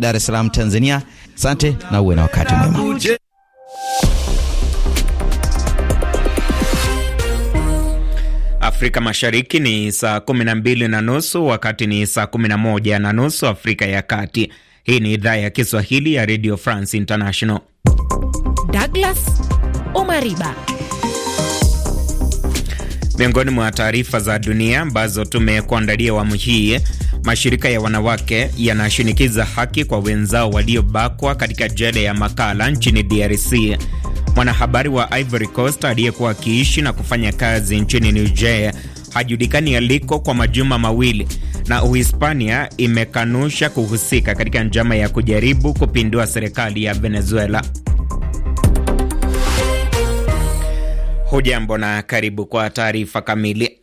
Dar es Salaam, Tanzania. Asante na uwe na wakati mwema. Afrika Mashariki ni saa 12 na nusu, wakati ni saa 11 na nusu Afrika ya Kati. Hii ni idhaa ya Kiswahili ya Radio France International. Douglas Omariba. Miongoni mwa taarifa za dunia ambazo tumekuandalia awamu hii Mashirika ya wanawake yanashinikiza haki kwa wenzao waliobakwa katika jela ya Makala nchini DRC. Mwanahabari wa Ivory Coast aliyekuwa akiishi na kufanya kazi nchini Niger hajulikani aliko kwa majuma mawili, na Uhispania imekanusha kuhusika katika njama ya kujaribu kupindua serikali ya Venezuela. Hujambo na karibu kwa taarifa kamili.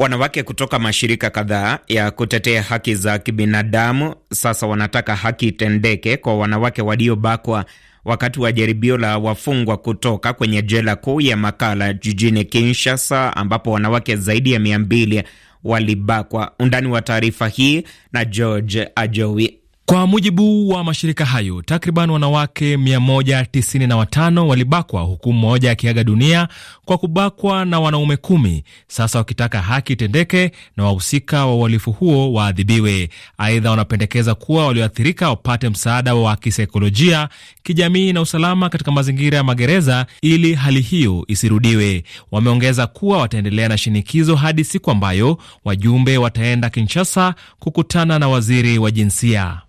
Wanawake kutoka mashirika kadhaa ya kutetea haki za kibinadamu sasa wanataka haki itendeke kwa wanawake waliobakwa wakati wa jaribio la wafungwa kutoka kwenye jela kuu ya Makala jijini Kinshasa, ambapo wanawake zaidi ya mia mbili walibakwa. Undani wa taarifa hii na George Ajowi. Kwa mujibu wa mashirika hayo, takriban wanawake 195 walibakwa huku mmoja akiaga dunia kwa kubakwa na wanaume kumi, sasa wakitaka haki itendeke na wahusika wa uhalifu huo waadhibiwe. Aidha, wanapendekeza kuwa walioathirika wapate msaada wa kisaikolojia, kijamii na usalama katika mazingira ya magereza ili hali hiyo isirudiwe. Wameongeza kuwa wataendelea na shinikizo hadi siku ambayo wajumbe wataenda Kinshasa kukutana na waziri wa jinsia.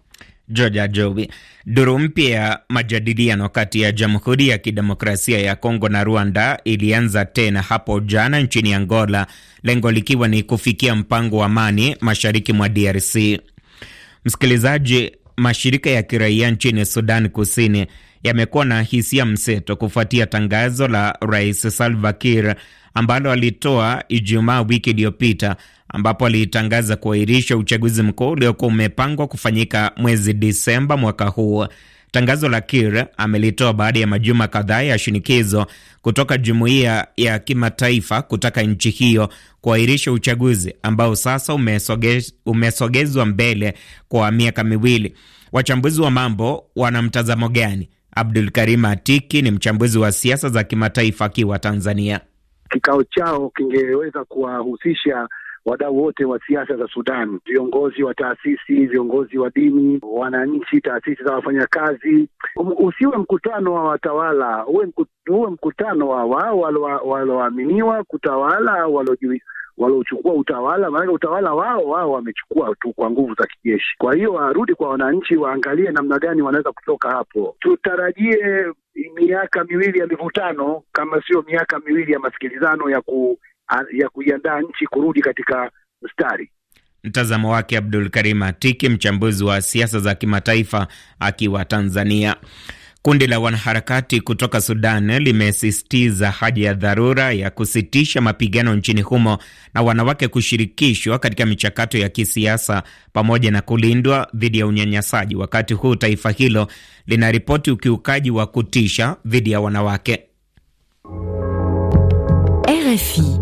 Georgia Jowi. Duru mpya ya majadiliano kati ya Jamhuri ya Kidemokrasia ya Kongo na Rwanda ilianza tena hapo jana nchini Angola, lengo likiwa ni kufikia mpango wa amani mashariki mwa DRC. Msikilizaji, mashirika ya kiraia nchini Sudan Kusini yamekuwa na hisia mseto kufuatia tangazo la Rais Salva Kiir ambalo alitoa Ijumaa wiki iliyopita ambapo alitangaza kuahirisha uchaguzi mkuu uliokuwa umepangwa kufanyika mwezi Disemba mwaka huu. Tangazo la Kiir amelitoa baada ya majuma kadhaa ya shinikizo kutoka jumuiya ya kimataifa kutaka nchi hiyo kuahirisha uchaguzi ambao sasa umesogezwa mbele kwa miaka miwili. Wachambuzi wa mambo wana mtazamo gani? Abdul Karim Atiki ni mchambuzi wa siasa za kimataifa akiwa Tanzania. Kikao chao kingeweza kuwahusisha wadau wote wa siasa za Sudan, viongozi wa taasisi, viongozi wa dini, wananchi, taasisi za wafanyakazi. Um, usiwe mkutano wa watawala, uwe mkutano wa wao walioaminiwa kutawala au waliochukua utawala, maanake utawala wao wao wamechukua tu kwa nguvu za kijeshi. Kwa hiyo warudi kwa wananchi, waangalie namna gani wanaweza kutoka hapo. Tutarajie miaka miwili ya mivutano, kama sio miaka miwili ya masikilizano ya ku, ya kuiandaa nchi kurudi katika mstari. Mtazamo wake Abdul Karim Atiki, mchambuzi wa siasa za kimataifa akiwa Tanzania. Kundi la wanaharakati kutoka Sudan limesisitiza haja ya dharura ya kusitisha mapigano nchini humo na wanawake kushirikishwa katika michakato ya kisiasa pamoja na kulindwa dhidi ya unyanyasaji, wakati huu taifa hilo linaripoti ukiukaji wa kutisha dhidi ya wanawake. RFI.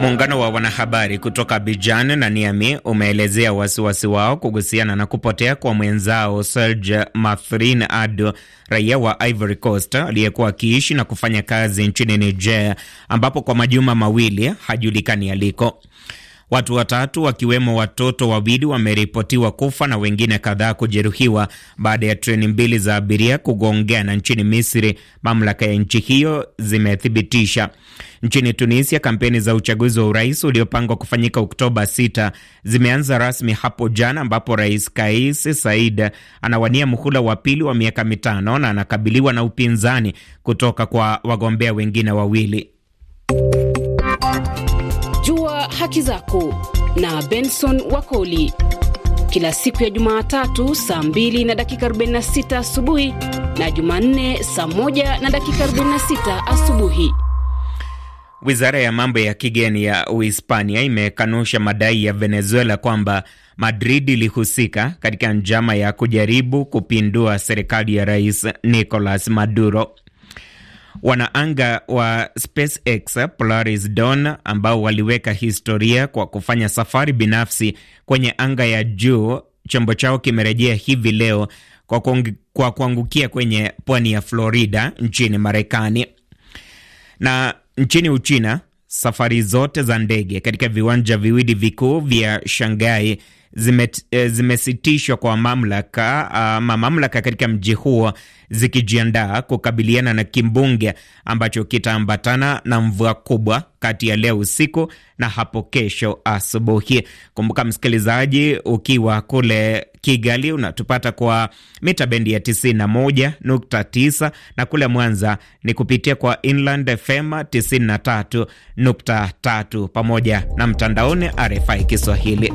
Muungano wa wanahabari kutoka Bijan na niami umeelezea wasiwasi wao kuhusiana na kupotea kwa mwenzao Serge mathrin Ado, raia wa Ivory Coast aliyekuwa akiishi na kufanya kazi nchini Niger, ambapo kwa majuma mawili hajulikani aliko. Watu watatu wakiwemo watoto wawili wameripotiwa kufa na wengine kadhaa kujeruhiwa baada ya treni mbili za abiria kugongana nchini Misri, mamlaka ya nchi hiyo zimethibitisha. Nchini Tunisia, kampeni za uchaguzi wa urais uliopangwa kufanyika Oktoba 6 zimeanza rasmi hapo jana, ambapo rais Kais Saied anawania muhula wa pili wa miaka mitano na anakabiliwa na upinzani kutoka kwa wagombea wengine wawili haki zako na Benson Wakoli kila siku ya Jumatatu saa 2 na dakika 46 asubuhi na Jumanne saa 1 na dakika 46 asubuhi. Wizara ya mambo ya kigeni ya Uhispania imekanusha madai ya Venezuela kwamba Madrid ilihusika katika njama ya kujaribu kupindua serikali ya Rais Nicolas Maduro wanaanga wa SpaceX Polaris Dawn ambao waliweka historia kwa kufanya safari binafsi kwenye anga ya juu, chombo chao kimerejea hivi leo kwa, kwa kuangukia kwenye pwani ya Florida nchini Marekani. Na nchini Uchina, safari zote za ndege katika viwanja viwili vikuu vya Shanghai Eh, zimesitishwa kwa mamlaka ama ah, mamlaka katika mji huo zikijiandaa kukabiliana na kimbunge ambacho kitaambatana na mvua kubwa kati ya leo usiku na hapo kesho asubuhi. Kumbuka msikilizaji, ukiwa kule Kigali unatupata kwa mita bendi ya 91.9 na kule Mwanza ni kupitia kwa Inland FM 93.3 pamoja na mtandaoni RFI Kiswahili.